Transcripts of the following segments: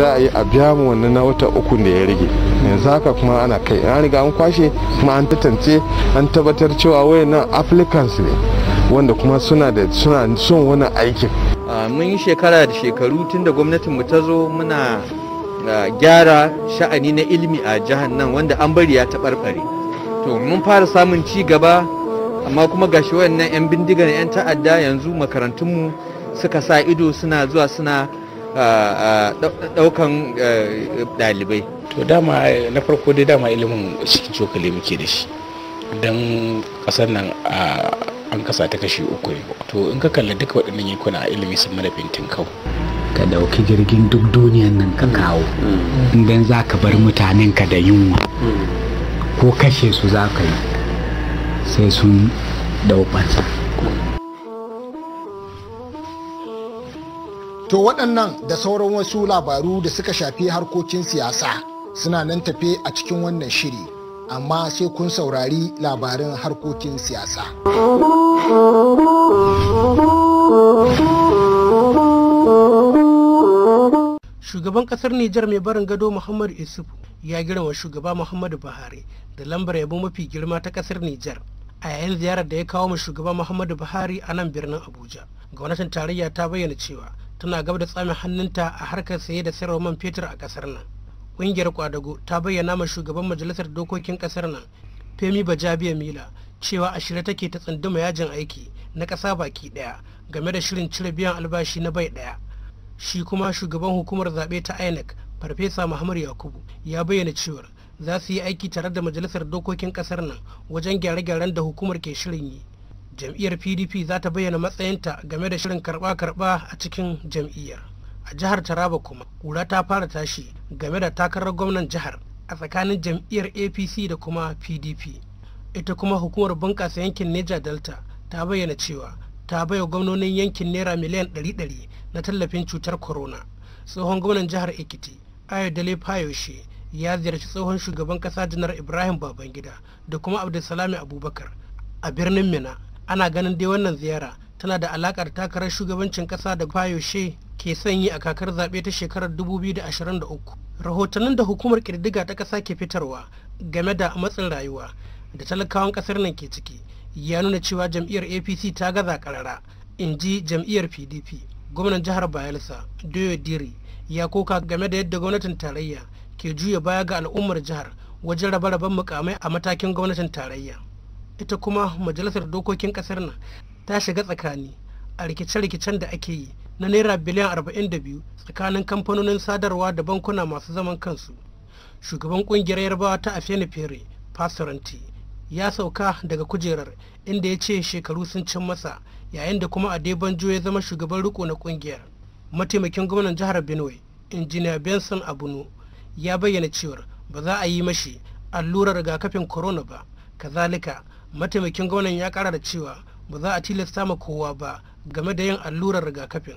za a yi a biya mu wannan na wata uku da ya rage yanzu haka kuma ana kai an riga an kwashe kuma an tantance an tabbatar cewa nan applicants ne wanda kuma suna da suna son wani aikin mun yi shekara da shekaru tun da gwamnatin mu ta zo muna gyara sha'ani na ilimi a jihar nan wanda an bari ya taɓarɓare to mun fara samun ci gaba amma kuma gashi wayannan 'yan bindigar 'yan ta'adda yanzu makarantunmu suka sa ido suna zuwa suna daukan dalibai e, to dama e, na farko dai dama ilimin cikin cokali muke da shi don kasar nan an kasa ta kashe uku ne to in ka kalla duka waɗannan yankuna a ilimi sun mara fintin kau ka ɗauki jirgin duk duniyan nan ka kawo don mm. za ka bar mutanen ka da yunwa mm. ko kashe su za ka yi sai sun dauɓansa To waɗannan da sauran wasu labaru da suka shafi harkokin siyasa suna nan tafe a cikin wannan shiri, amma sai kun saurari labarin harkokin siyasa. Shugaban ƙasar Nijar mai barin gado Muhammadu Isufu ya girma shugaba Muhammadu Buhari da lambar yabo mafi girma ta ƙasar Nijar. a yayin ziyarar da ya kawo ma shugaba muhammadu buhari a nan birnin abuja gwamnatin tarayya ta bayyana cewa tana gaba da tsamin hannunta a harkar saye da sayarwa man fetur a kasar nan ƙungiyar kwadago ta bayyana ma shugaban majalisar dokokin kasar nan femi bajabiya mila cewa a shirye take ta tsunduma yajin aiki na ƙasa baki ɗaya game da shirin cire biyan albashi na bai ɗaya shi kuma shugaban hukumar zaɓe ta inec farfesa muhammad yakubu ya bayyana cewar za su yi aiki tare da majalisar dokokin kasar nan wajen gyare-gyaren da hukumar ke shirin yi jam'iyyar pdp za ta bayyana matsayinta game da shirin karba-karba a cikin jam'iyyar a jihar taraba kuma kura ta fara tashi game da takarar gwamnan jihar a tsakanin jam'iyyar apc da kuma pdp ita kuma hukumar bunƙasa yankin neja delta ta bayyana cewa ta baiwa gwamnonin yankin naira miliyan 100 na tallafin cutar corona tsohon gwamnan jihar ekiti ayodele fayoshe ya ziyarci tsohon shugaban kasa janar ibrahim babangida da kuma abdulsalami abubakar a birnin mina ana ganin dai wannan ziyara tana da alakar takarar shugabancin kasa da fayoshe ke sanyi a kakar zaɓe ta shekarar 2023 rahotannin da hukumar kirdiga ta ƙasa ke fitarwa game da matsin rayuwa da talakawan ƙasar nan ke ciki ya nuna cewa jam'iyyar apc ta gaza karara in ji jam'iyyar pdp gwamnan jihar bayelsa doyo diri ya koka game da yadda gwamnatin tarayya ke juya baya ga al'ummar jihar wajen rabe-raben mukamai a matakin gwamnatin tarayya ita kuma majalisar dokokin kasar nan ta shiga tsakani a rikice-rikicen da ake yi na naira biliyan arba'in da biyu tsakanin kamfanonin sadarwa da bankuna masu zaman kansu shugaban kungiyar yarbawa ta afeni fere pastoranti ya sauka daga kujerar inda ya ce shekaru sun cin masa yayin da kuma adebanjo ya zama shugaban riko na kungiyar mataimakin gwamnan jihar benue injiniya benson abunu ya bayyana cewar ba za a yi mashi allurar rigakafin corona ba kazalika mataimakin gwamnan ya kara da cewa ba za a tilasta ma kowa ba game da yin allurar rigakafin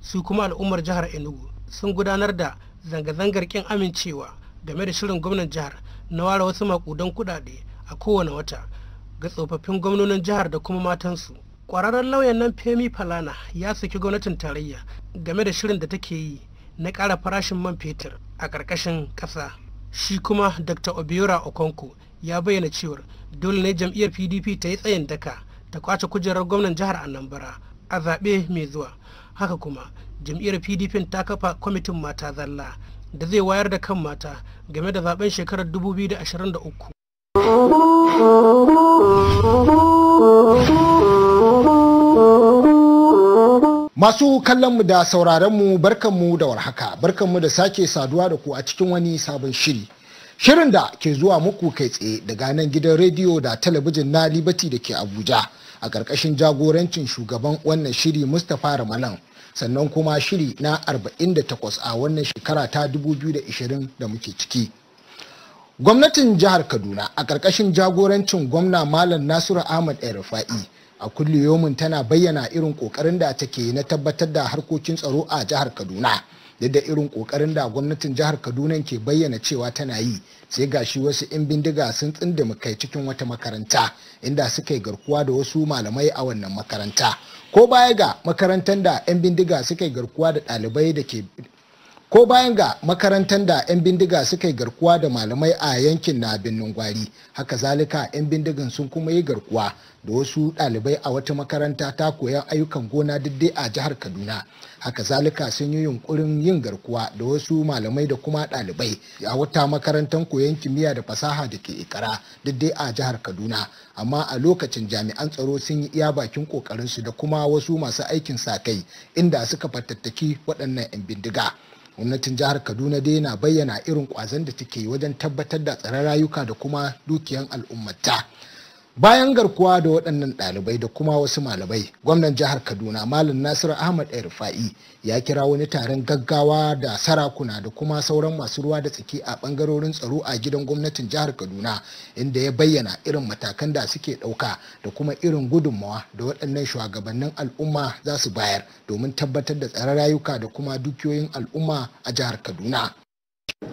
su kuma al'ummar jihar enugu sun gudanar da zanga-zangar kin amincewa game da shirin gwamnan jihar na ware wasu makudan kudade a kowane wata ga tsofaffin gwamnonin jihar da kuma matansu kwararren lauyan nan femi falana ya saki gwamnatin tarayya game da shirin da take yi na ƙara farashin man fetur a ƙarƙashin ƙasa shi kuma dr obiora okonko ya bayyana cewar dole ne jam'iyyar pdp ta yi tsayin daka ta kwace kujerar gwamnan jihar anambra a zaɓe mai zuwa haka kuma jam'iyyar pdp ta kafa kwamitin mata zalla da zai wayar da kan mata game da zaben shekarar 2023 Masu kallonmu da sauraronmu barkanmu da warhaka, barkanmu da sake saduwa da ku a cikin wani sabon shiri. shirin da ke zuwa muku kai tsaye daga nan gidan rediyo da talabijin na Libati da ke abuja a ƙarƙashin jagorancin shugaban wannan shiri mustapha ramalan sannan kuma shiri na 48 a wannan shekara ta 2020 da muke ciki gwamnatin jihar kaduna a ƙarƙashin jagorancin gwamna malam nasiru ahmad rufa'i a kulle yomin, tana bayyana irin ƙoƙarin da take na tabbatar da harkokin tsaro a jihar kaduna duk irin kokarin da gwamnatin jihar kaduna ke bayyana cewa tana yi sai gashi wasu 'yan bindiga sun tsindima kai cikin wata makaranta inda suka yi garkuwa da wasu malamai a wannan makaranta ko baya ga makarantar da 'yan bindiga suka yi garkuwa da ɗalibai da ke ko bayan ga makarantar da 'yan bindiga suka yi garkuwa da malamai a yankin na birnin gwari haka zalika 'yan bindigan sun kuma yi garkuwa da wasu ɗalibai a wata makaranta ta koyan ayyukan gona diddai a jihar kaduna haka zalika sun yi yunkurin yin garkuwa da wasu malamai da kuma ɗalibai a wata makarantar koyon kimiyya da fasaha da ke ikara duk dai a jihar kaduna amma a lokacin jami'an tsaro sun yi iya bakin kokarinsu da kuma wasu masu aikin sa kai inda suka fatattaki waɗannan 'yan bindiga gwamnatin jihar kaduna dai na bayyana irin kwazon da take wajen tabbatar da tsaron rayuka da kuma dukiyan al'ummata bayan garkuwa da waɗannan ɗalibai da kuma wasu malamai gwamnan jihar kaduna malam Nasiru ahmad rufa'i ya kira wani taron gaggawa da sarakuna da kuma sauran masu ruwa da tsaki a ɓangarorin tsaro a gidan gwamnatin jihar kaduna inda ya bayyana irin matakan da suke ɗauka da kuma irin gudunmawa da waɗannan shugabannin al'umma za su bayar domin tabbatar da tsaron rayuka da kuma dukiyoyin al'umma a jihar kaduna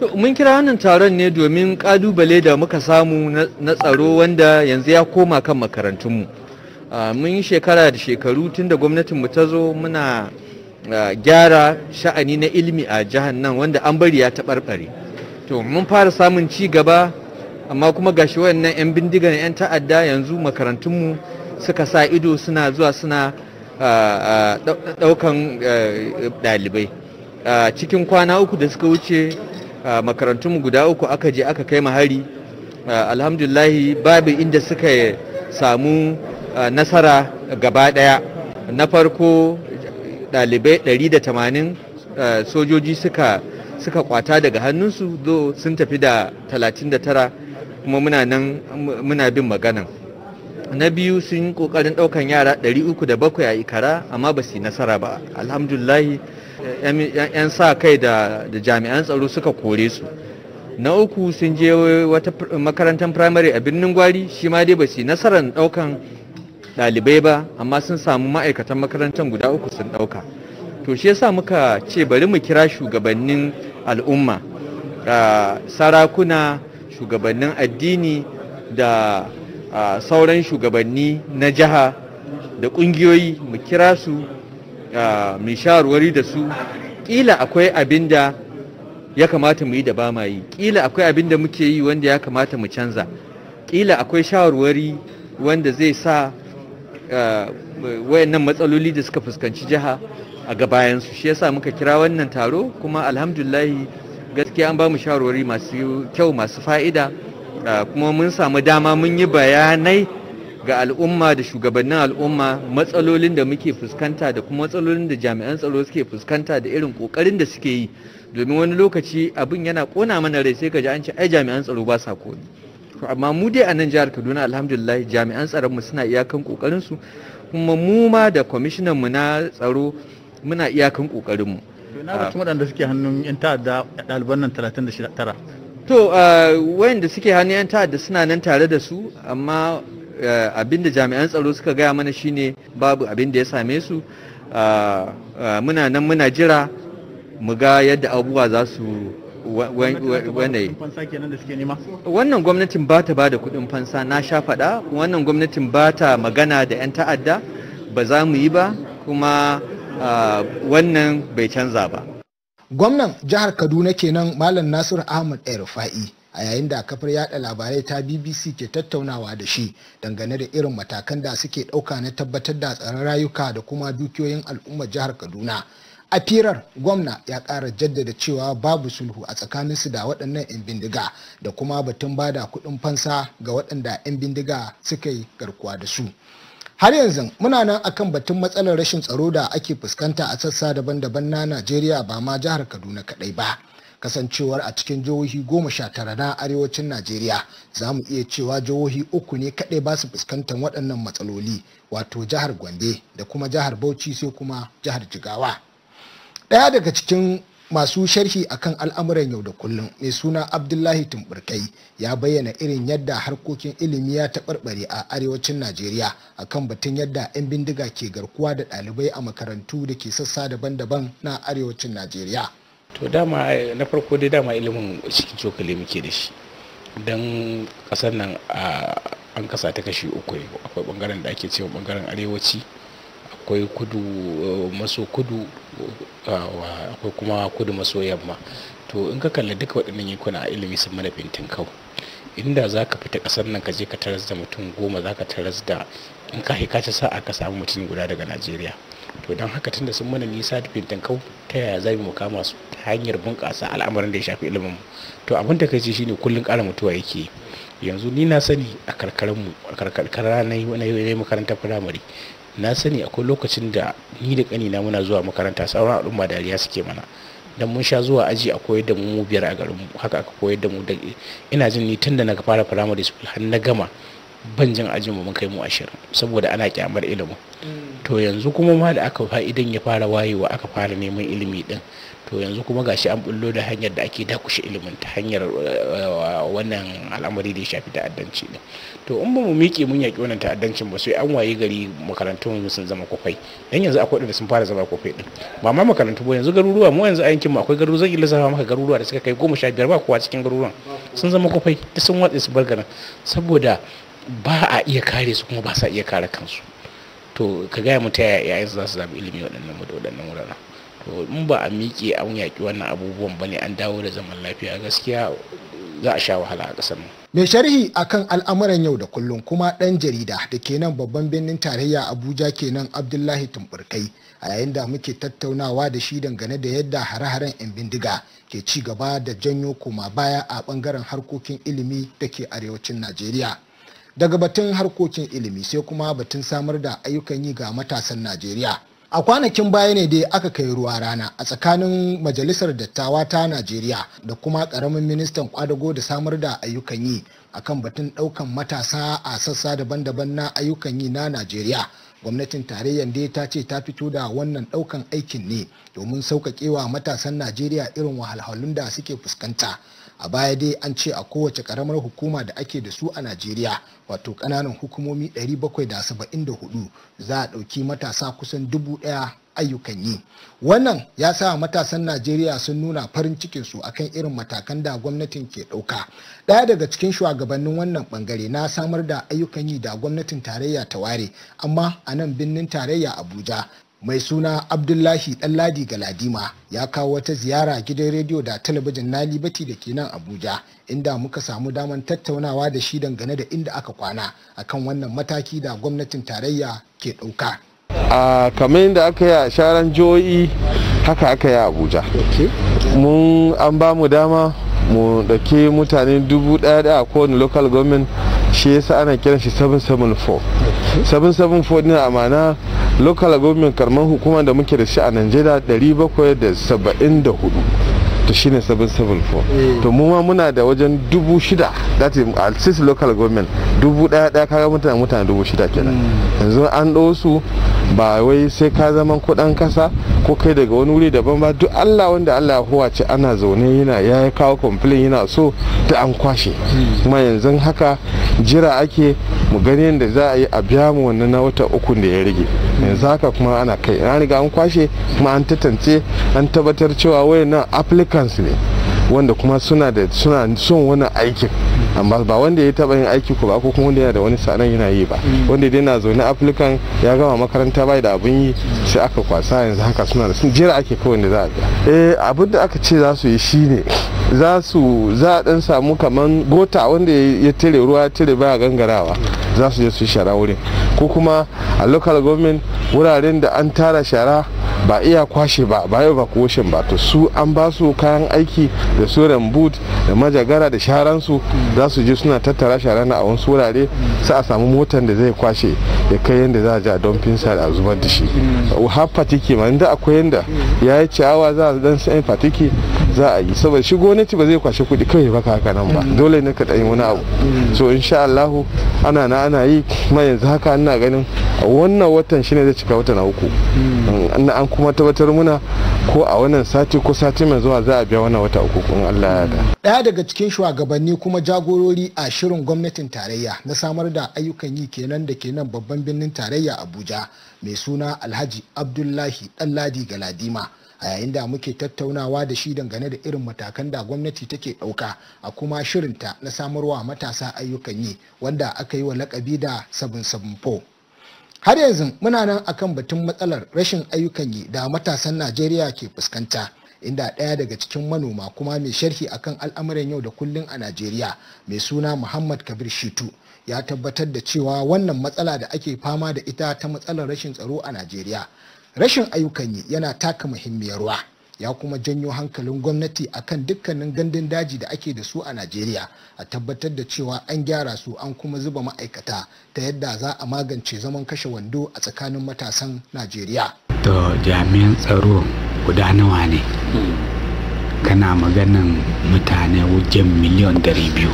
To mun kira wannan taron ne domin kalubale da muka samu na tsaro wanda yanzu ya koma kan makarantunmu. Ah, mun yi shekara da shekaru tun da gwamnatinmu ta zo muna ah, gyara sha'ani na ilimi a jihar nan wanda an bari ya taɓarɓare. To mun fara samun ci gaba amma kuma gashi wannan 'yan bindigan 'yan ta'adda yanzu makarantunmu suka sa ido suna zuwa suna ah, ɗaukan eh, ɗalibai. cikin kwana uku da suka wuce Ah, makarantunmu guda uku aka je aka kai hari ah, alhamdulahi babu inda suka samu ah, nasara gaba daya na farko dalibai 180 sojoji suka kwata daga hannunsu zo sun tafi da 39 kuma muna nan muna bin magana na biyu sun kokarin daukan yara 307 a ikara amma ba su yi nasara ba alhamdulahi 'yan sa kai da jami'an tsaro suka kore su na uku sun je wata makarantar firamare a birnin gwari shi ma dai ba su nasarar daukan ɗalibai ba amma sun samu ma'aikatan makarantar guda uku sun dauka to shi yasa muka ce bari mu kira shugabannin al'umma sarakuna shugabannin addini da sauran shugabanni na jiha da ƙungiyoyi mu kira su mai shawarwari da su ƙila akwai abin da ya kamata mu yi da ba ma yi ƙila akwai abin da muke yi wanda ya kamata mu canza kila akwai shawarwari wanda zai sa wayannan matsaloli da suka fuskanci jiha a gabayansu shi yasa muka kira wannan taro kuma alhamdulahi gaskiya an ba mu shawarwari masu kyau masu fa'ida kuma mun samu dama mun yi bayanai ga al'umma da shugabannin al'umma matsalolin da muke fuskanta da kuma matsalolin da jami'an tsaro suke fuskanta da irin kokarin da suke yi domin wani lokaci abin yana kona mana rai sai ka ji an ce ai jami'an tsaro ba sa komi amma mu dai a nan jihar Kaduna alhamdulillah jami'an tsaron mu suna iyakan kokarin su kuma mu ma da kwamishinan mu na tsaro muna iyakan kokarin mu na batun waɗanda suke hannun yan ta'adda ɗaliban nan 39 to ah, wayanda suke hannun yan ta'adda suna nan tare da su amma Eh, abinda jami'an tsaro suka gaya mana shine babu abin da ya same su ah, ah, muna nan muna jira mu ga yadda abubuwa za su wani. wannan gwamnatin ba ta ba da kudin fansa na sha faɗa wannan gwamnatin ba ta magana da 'yan ta'adda ba za mu yi ba kuma ah, wannan bai canza ba gwamnan jihar kaduna kenan malam nasiru ahmad el rufa'i a yayin da kafar yada labarai ta bbc ke tattaunawa da shi dangane da irin matakan da suke ɗauka na tabbatar da tsaron rayuka da kuma dukiyoyin al'ummar jihar kaduna a firar gwamna ya ƙara jaddada cewa babu sulhu a tsakaninsu da waɗannan 'yan bindiga da kuma batun bada kuɗin fansa ga waɗanda 'yan bindiga suka yi garkuwa da su har yanzu muna nan akan batun matsalar rashin tsaro da ake fuskanta a sassa daban-daban na najeriya ba ma jihar kaduna kaɗai ba kasancewar a cikin jihohi goma sha tara na arewacin najeriya za mu iya cewa jihohi uku ne kaɗai ba su fuskantar waɗannan matsaloli wato jihar Gwande da kuma jihar bauchi sai kuma jihar jigawa ɗaya daga cikin masu sharhi akan al'amuran yau da kullum mai suna abdullahi tumburkai ya bayyana irin yadda harkokin ilimi ya taɓarɓare a arewacin najeriya akan batun yadda 'yan bindiga ke garkuwa da ɗalibai a makarantu da ke sassa daban-daban na arewacin najeriya to dama eh, na farko dai dama ilimin cikin cokali muke da shi don kasar nan ah, an kasa ta kashi uku ne akwai bangaren da ake cewa bangaren arewaci akwai kudu eh, maso kudu akwai kuma kudu maso yamma to in ka kalli duka waɗannan yankuna a ilimi sun mana fintin kau inda za ka fita ƙasar nan ka je ka taras da mutum goma za ka taras da in ka sa'a ka samu mutum guda daga najeriya to don haka tunda sun mana nisa da kau ta yaya za mu kama su ta hanyar bunƙasa al'amarin da ya shafi ilimin to abin da kai shine kullun ƙara mutuwa yake yanzu ni na sani a karkarar mu a karkara na yi makarantar firamare na sani akwai lokacin da ni da na muna zuwa makaranta sauran al'umma dariya suke mana dan mun sha zuwa aji a koyar da mu biyar a garin mu haka aka koyar da mu da ina jin ni tun da na fara firamare school har na gama ban jin ajin mu mun kai mu ashirin saboda ana kyamar ilimin mm. to yanzu kuma ma da aka fa'idan ya fara wayewa aka fara neman ilimi din to yanzu kuma gashi an bullo da hanyar da ake dakushe ilimin ta hanyar eh, wannan al'amari da ya shafi ta'addanci ne to in ba mu miƙe mun yaƙi wannan ta'addancin ba sai an waye gari makarantun sun zama kwafai dan yanzu akwai da sun fara zama kwafai din ba ma makarantu ba yanzu garuruwa mu yanzu a yankin mu akwai garuruwa zan zama maka garuruwa da suka kai goma sha biyar ba kowa cikin garuruwan sun zama kwafai duk sun watsa su bar garin saboda ba a iya kare su kuma ba sa iya kare kansu to ka gaya mu ta yayin za su zaɓi ilimi waɗannan mu da waɗannan wuraren to in ba a miƙe an yaƙi wannan abubuwan ba ne an dawo da zaman lafiya gaskiya za a sha wahala a ƙasar mu mai sharhi akan al'amuran yau da kullum kuma ɗan jarida da ke nan babban birnin tarayya abuja ke nan abdullahi tumburkai a yayin da muke tattaunawa da shi dangane da yadda hare-haren 'yan bindiga ke ci gaba da janyo koma baya a ɓangaren harkokin ilimi da ke arewacin najeriya daga batun harkokin ilimi sai kuma batun samar da ayyukan yi ga matasan najeriya a kwanakin baya ne dai aka kai ruwa rana a tsakanin majalisar dattawa ta najeriya da kuma karamin ministan kwadago da samar da ayyukan yi akan batun daukan matasa a sassa daban-daban na ayyukan yi na najeriya gwamnatin tarayyar dai ta ce ta fito da wannan daukan aikin ne domin sauƙaƙewa matasan najeriya irin wahalhalun da suke fuskanta a baya dai an ce a kowace karamar hukuma da ake da su a najeriya wato kananan hukumomi 774 za a ɗauki matasa kusan dubu ɗaya ayyukan yi wannan ya sa matasan najeriya sun nuna farin cikinsu akan irin matakan da gwamnatin ke ɗauka ɗaya daga cikin shugabannin wannan bangare na samar da ayyukan yi da gwamnatin tarayya ta ware amma a nan birnin tarayya abuja mai suna abdullahi ɗanladi galadima ya kawo wata ziyara gidan rediyo da talabijin na libati da ke nan abuja inda muka samu daman tattaunawa da shi dangane da inda aka kwana akan wannan mataki da gwamnatin tarayya ke ɗauka a kamar yadda aka yi a sharan joyi haka aka yi a abuja mun an ba mu dama mu ɗauki mutane dubu ɗaya ɗaya a kowane local government shi yasa ana kiran shi 774 774 din amana local government karman hukuma da muke da shi a najeriya 774 to shine 774 to mu ma muna da wajen dubu shida that is a uh, six local government dubu daya daya kaga mutane mutane dubu shida kenan yanzu an ɗo su ba wai sai ka zaman kudan kasa ko kai daga wani wuri daban ba duk allah wanda allah ya huwace ana zaune yana ya kawo complain yana so da an kwashe kuma yanzu haka jira ake mu gani yadda za a yi a biya mu wannan na wata ukun da ya rage yanzu haka kuma ana kai an riga an kwashe kuma an tantance an tabbatar cewa wayannan applicants ne wanda kuma suna da suna son wani aikin amma ba wanda ya taba yin aiki ko ba ko kuma wanda yana da wani sa'anan yana yi ba mm. wanda dai na zaune afirkan ya gama makaranta bai da abun yi sai aka kwasa yanzu haka suna da sun jira ake kawai da za a biya eh abin da aka ce za su yi shine za su za a dan samu kaman gota wanda ya tare ruwa ya tare baya gangarawa za su je su shara wurin ko kuma a local government wuraren da an tara shara ba iya kwashe ba ba yau ba koshin ba to su an ba su kayan aiki da su but da majagara da sharansu za su je suna tattara sharana na a wasu wurare sai a samu motar da zai kwashe ya kai yadda za a ji a don finsa da zubar da shi har fatiki ma inda akwai yadda ya yi ciyawa za a dan sai fatiki za a yi saboda shi gwamnati ba zai kwashe kuɗi kawai baka haka nan ba mm. dole ne ka ɗanyi wani abu mm. so insha Allahu ana na ana yi ma yanzu haka ina ganin wannan watan shine zai cika wata na uku mm. an kuma tabbatar muna ko a wannan sati ko sati mai zuwa za a biya wannan wata uku kun Allah ya daya daga cikin shugabanni kuma jagorori a shirin gwamnatin tarayya na samar da ayyukan yi kenan da kenan babban birnin tarayya Abuja mai suna Alhaji Abdullahi Ɗanladi Galadima a yayin da muke tattaunawa da shi dangane da irin matakan da gwamnati take ɗauka a kuma shirinta na samarwa matasa ayyukan yi wanda aka yi wa lakabi da po har yanzu muna nan akan batun matsalar rashin ayyukan yi da matasan najeriya ke fuskanta inda ɗaya daga cikin manoma kuma mai sharhi akan al'amuran yau da kullun a najeriya mai suna muhammad kabir shitu ya tabbatar da cewa wannan matsala da ake fama da ita ta matsalar rashin tsaro a najeriya rashin ayyukan yi yana taka muhimmiyar ruwa ya kuma janyo hankalin gwamnati akan dukkanin gandun daji da ake da su a najeriya a tabbatar da cewa an gyara su an kuma zuba ma'aikata ta yadda za a magance zaman kashe wando a tsakanin matasan najeriya to jami'an tsaro guda nawa ne hmm. kana maganin mutane wajen miliyan biyu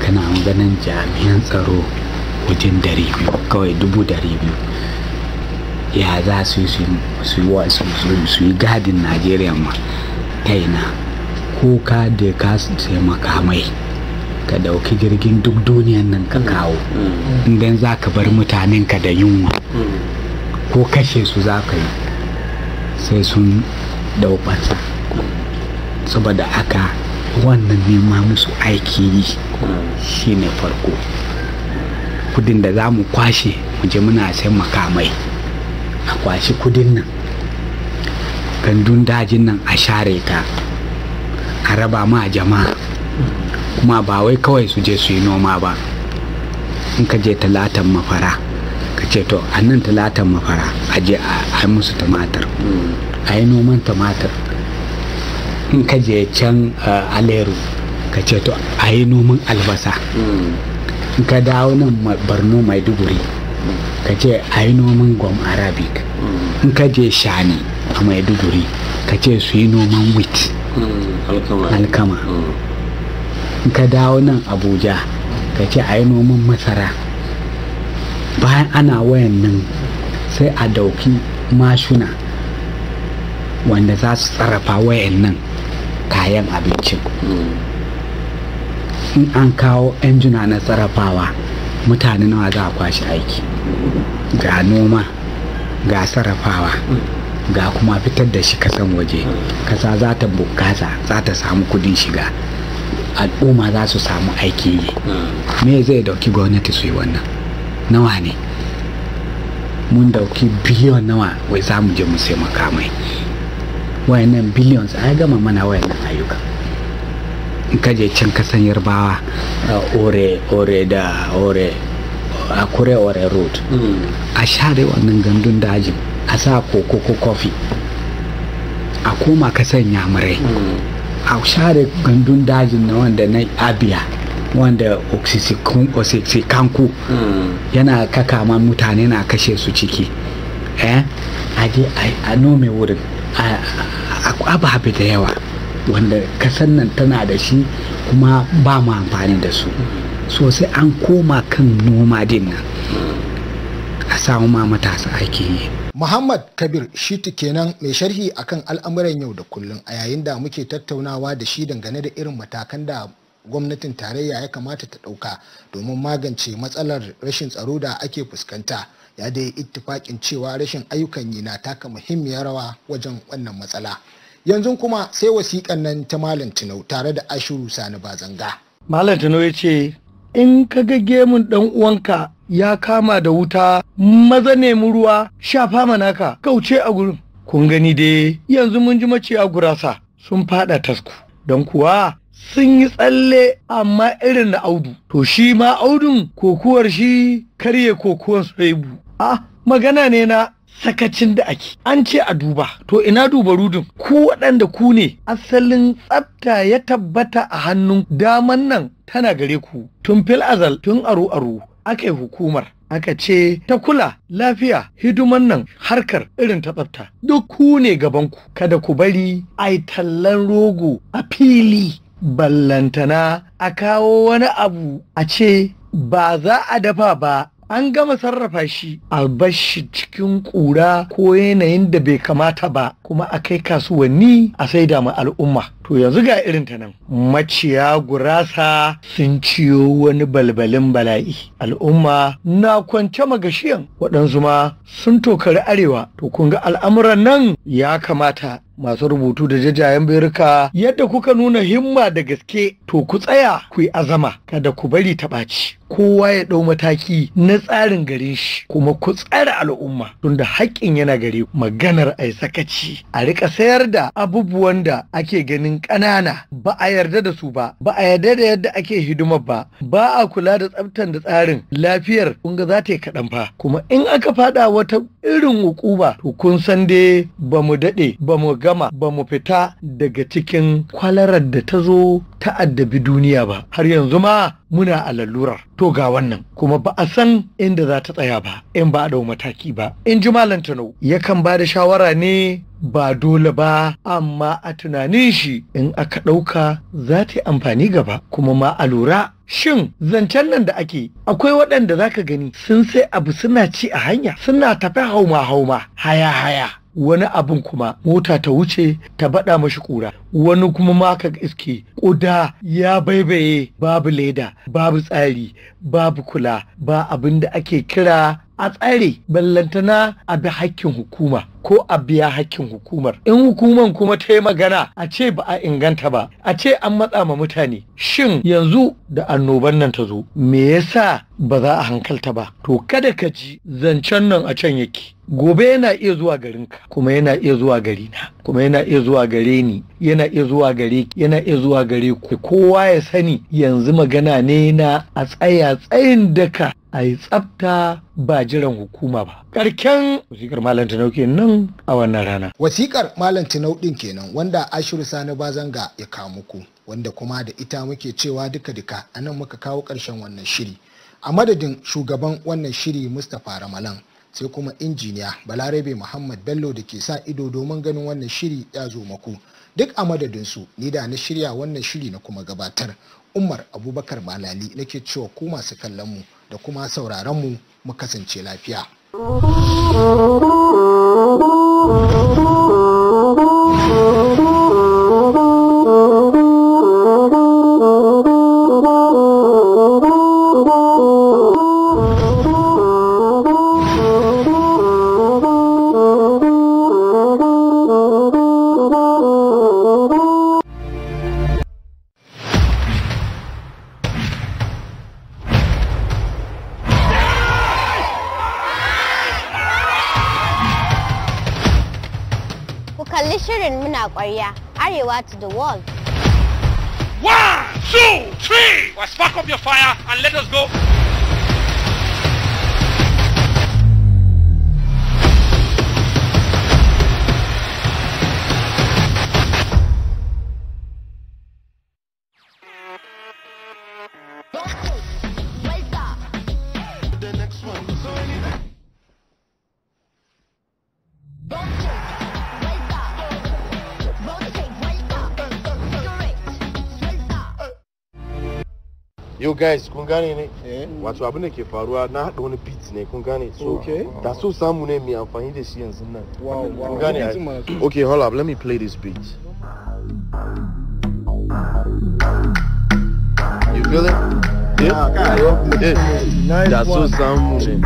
kana maganin jami'an tsaro wajen biyu? kawai dubu biyu. ya za su yi gadin najeriya ma ta ina ko ka da ka taimaka mai ka dauki jirgin duk duniyan nan ka kawo mm. idan za ka bar mutanen ka da yunwa mm. ko kashe su za ka yi sai sun daubata saboda aka wannan nema musu aiki yi mm. ne farko kudin da za mu kwashe mu je muna sai makamai a kwashi kudin nan gandun dajin nan a share ta a raba ma jama'a kuma ba wai kawai su je su yi noma ba in ka je talatan mafara ka ce to a nan talatan mafara a je a musu tumatir a yi noman tumatir in ka je can eh, aleru ka ce to a yi noman albasa in ka dawo nan mai maiduguri ka je a yi noman gwam arabic mm. in ka je shani a maiduguri ka ce su yi noman wit. Mm, alkama mm. in ka dawo nan abuja ka ce a yi noman masara bayan ana wayan nan sai a dauki mashuna wanda za su tsarafa wayan nan kayan abincin in an kawo injina na tsarafawa mutane nawa za a kwashe aiki ga noma ga sarrafawa ga kuma fitar da shi kasan waje kasa za ta bukasa za ta samu kudin shiga al'umma za su samu aiki yi me zai dauki gwamnati su yi wannan nawa ne mun dauki biliyon nawa wai za mu je mu sai makamai wayannan billions a gama mana wayannan ayyukan kaje can kasan yarbawa uh, ore ore da ore a kure ore road a share wannan gandun dajin a sa koko ko kofi a koma ka sanya murai a share gandun dajin na wanda na abiya wanda oxycanku yana kakama mutane na kashe su ciki eh a je a nome wurin ababe da yawa wanda kasan nan tana da shi kuma ba mu amfani da su sosai an koma kan noma din nan a samu ma matasa ake yi Muhammad Kabir Shitu kenan mai sharhi akan al'amuran yau da kullum a yayin da muke tattaunawa da shi dangane da irin matakan da gwamnatin tarayya ya kamata ta ɗauka domin magance matsalar rashin tsaro da ake fuskanta ya dai ittifaƙin cewa rashin ayyukan yi na taka muhimmiyar rawa wajen wannan matsala. yanzu kuma sai wasiƙan nan ta malam tinau tare da ashiru sani bazanga malam tinau ya ce in ka ga gemun dan uwanka ya kama da wuta maza mu ruwa shafa naka kauce a gurin kun gani dai yanzu mun ji mace a gurasa sun fada tasku don kuwa sun yi tsalle amma irin na audu to shi ma audun kokuwar shi karye kokuwar soyibu a ah, magana ne na sakacin da ake an ce a duba to ina duba rudin ku waɗanda ku ne asalin tsafta ya tabbata a hannun daman nan tana gare ku tun fil azal tun aru-aru. aka yi hukumar aka ce ta kula lafiya hidiman nan harkar irin ta tsafta duk ku ne gabanku kada ku bari a yi tallan rogo a fili ballantana a kawo wani abu a ce ba za a dafa ba an gama sarrafa shi a bar cikin ƙura ko yanayin da bai kamata ba kuma a kai kasuwanni a saida ma al'umma to yanzu ga irin ta nan maciya gurasa sun ciyo wani balbalin bala'i al'umma na kwance magashiyan waɗansu ma sun tokari arewa to kun ga al'amuran nan ya kamata masu rubutu da jajayen birka yadda kuka nuna himma da gaske to ku tsaya ku yi azama kada ku bari ta ɓaci kowa ya ɗau mataki na tsarin garin shi kuma ku tsara al'umma tunda haƙƙin yana gari. maganar a yi sakaci a rika sayar da abubuwan da ake ganin ƙanana ba a yarda da su ba ba a yarda da yadda ake hidimar ba ba a kula da tsaftar da tsarin lafiyar kun ga za ta yi kaɗan fa kuma in aka faɗa wata irin hukuma to kun san dai ba mu daɗe ba mu gama ba mu fita daga cikin kwalarar da ta zo ta addabi duniya ba har yanzu ma muna a lalurar to ga wannan kuma ba a san inda za ta tsaya ba in ba a dau mataki ba in ji malam yakan ba da shawara ne ba dole ba amma a tunanin shi in aka ɗauka za ta yi amfani gaba kuma ma a lura shin zancen nan da ake akwai waɗanda za ka gani sun sai abu suna ci a hanya suna tafi hauma hauma haya haya wani abin kuma mota ta wuce ta baɗa mashi kura, wani kuma maka iske ƙuda ya baibaye babu leda babu tsari babu kula ba abin da ake kira a tsare ballantana a bi hakkin hukuma ko a biya hakkin hukumar in hukuman kuma ta yi magana a ce ba a inganta ba a ce an matsa ma mutane shin yanzu da annoban nan ta zo me yasa ba za a hankalta ba to kada ka ji zancen nan a can yake gobe yana iya zuwa garinka kuma yana iya zuwa garina kuma yana iya zuwa gare ni yana iya zuwa gare yana iya zuwa gare ku kowa ya sani yanzu magana ne na a tsaya tsayin daka a yi tsafta ba jiran hukuma ba. Karken wasikar Malam Tinau nan a wannan rana. Wasikar Malam Tinau ɗin kenan wanda Ashiru Sani Bazanga ya kawo muku wanda kuma da ita muke cewa duka-duka a nan muka kawo ƙarshen wannan shiri. A madadin shugaban wannan shiri Mustapha Ramalan sai kuma injiniya balarabe muhammad bello da ke sa ido domin ganin wannan shiri ya zo maku duk a madadinsu ni da na shirya wannan shiri na kuma gabatar umar abubakar malali nake cewa ku masu kallon mu da kuma sauraron mu mu kasance lafiya Kalli shirin muna you arewa to the world. One, two, three! Well, spark up your fire and let us go. yo guys kun gane ne eh? wato abin da ke faruwa na haɗa wani beat ne kun gane Okay. da so samu ne mai amfani da shi yanzu nan kun gane okay hold up let me play this beat you feel it yeah, ah, yeah. yeah. da so Samune.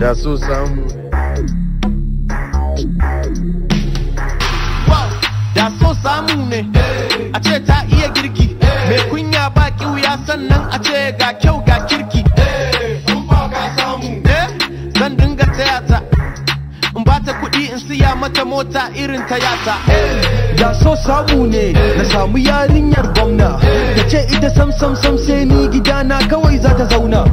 That's so Samune. Wow. That's so Samune. ne a ce ta Me queen. kunya ba wuya sannan a ce ga kyau ga kirki eh, eh, zan dinga tayata in ba ta kuɗi in siya mata mota irin ta yata eh, da so samu ne na samu yarinyar gwamna ta ce ita sam sam sam sai ni gidana kawai za ta zauna